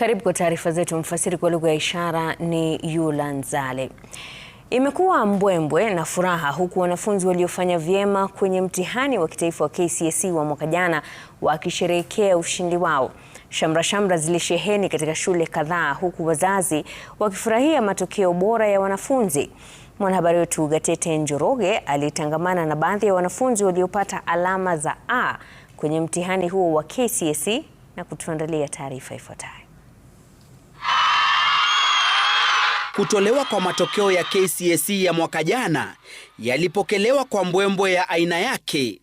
Karibu kwa taarifa zetu. Mfasiri kwa lugha ya ishara ni Yula Nzale. Imekuwa mbwembwe na furaha huku wanafunzi waliofanya vyema kwenye mtihani wa kitaifa wa KCSE wa mwaka jana wakisherehekea ushindi wao. Shamra shamra zilisheheni katika shule kadhaa huku wazazi wakifurahia matokeo bora ya wanafunzi. Mwanahabari wetu Gatete Njoroge alitangamana na baadhi ya wanafunzi waliopata alama za A kwenye mtihani huo wa KCSE na kutuandalia taarifa ifuatayo. kutolewa kwa matokeo ya KCSE ya mwaka jana yalipokelewa kwa mbwembwe ya aina yake.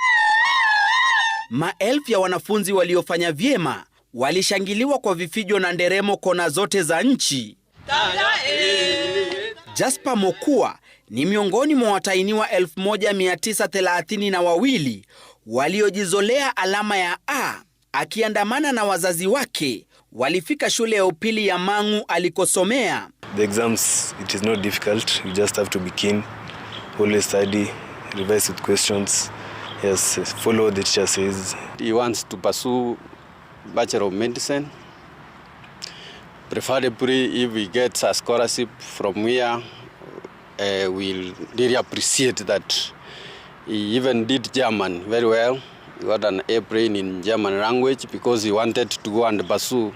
Maelfu ya wanafunzi waliofanya vyema walishangiliwa kwa vifijo na nderemo kona zote za nchi. Jasper Mokua ni miongoni mwa watainiwa 1932 na wawili waliojizolea alama ya A akiandamana na wazazi wake walifika shule ya upili ya Mang'u alikosomea. The exams, it is not difficult. You just have to be keen. Always study, revise with questions. Yes, follow the teacher says. He wants to pursue Bachelor of Medicine. Preferably if we get a scholarship from here, uh, we'll really appreciate that. He even did German very well. He got an A in German language because he wanted to go and pursue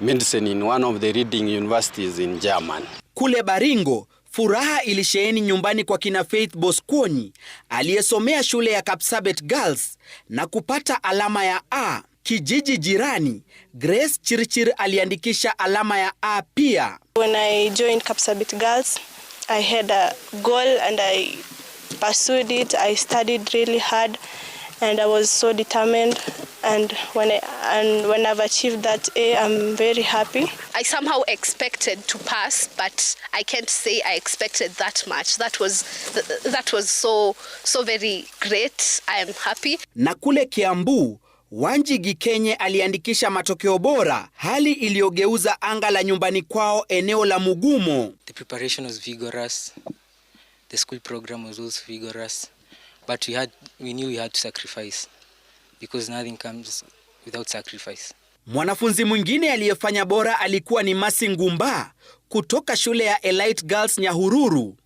medicine in one of the leading universities in Germany. Kule Baringo, furaha ilisheheni nyumbani kwa kina Faith Boskwonyi aliyesomea shule ya Kapsabet Girls na kupata alama ya A. Kijiji jirani, Grace Chirchir aliandikisha alama ya A pia. When I joined Kapsabet Girls, I had a goal and I pursued it. I studied really hard and I was so determined and when I, and when I've achieved that A I'm very happy. I somehow expected to pass but I can't say I expected that much. That was that was so so very great. I am happy. Na kule Kiambu Wanji Gikenye aliandikisha matokeo bora, hali iliyogeuza anga la nyumbani kwao eneo la Mugumo. The preparation was vigorous. The school program was also vigorous but we had we knew we had to sacrifice because nothing comes without sacrifice. Mwanafunzi mwingine aliyefanya bora alikuwa ni Masi Ngumba kutoka shule ya Elite Girls Nyahururu.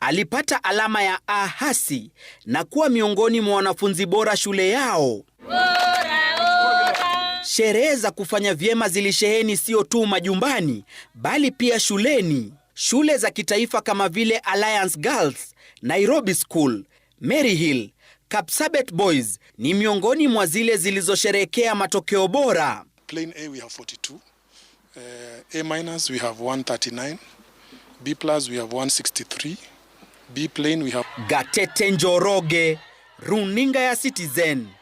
Alipata alama ya A hasi na kuwa miongoni mwa wanafunzi bora shule yao. Sherehe za kufanya vyema zilisheheni sio tu majumbani bali pia shuleni. Shule za kitaifa kama vile Alliance Girls, Nairobi School Maryhill, Kapsabet Boys ni miongoni mwa zile zilizosherekea matokeo bora. Plain A we have 42, uh, eh, A minus we have 139, B plus we have 163, B plain we have Gatete Njoroge, Runinga ya Citizen.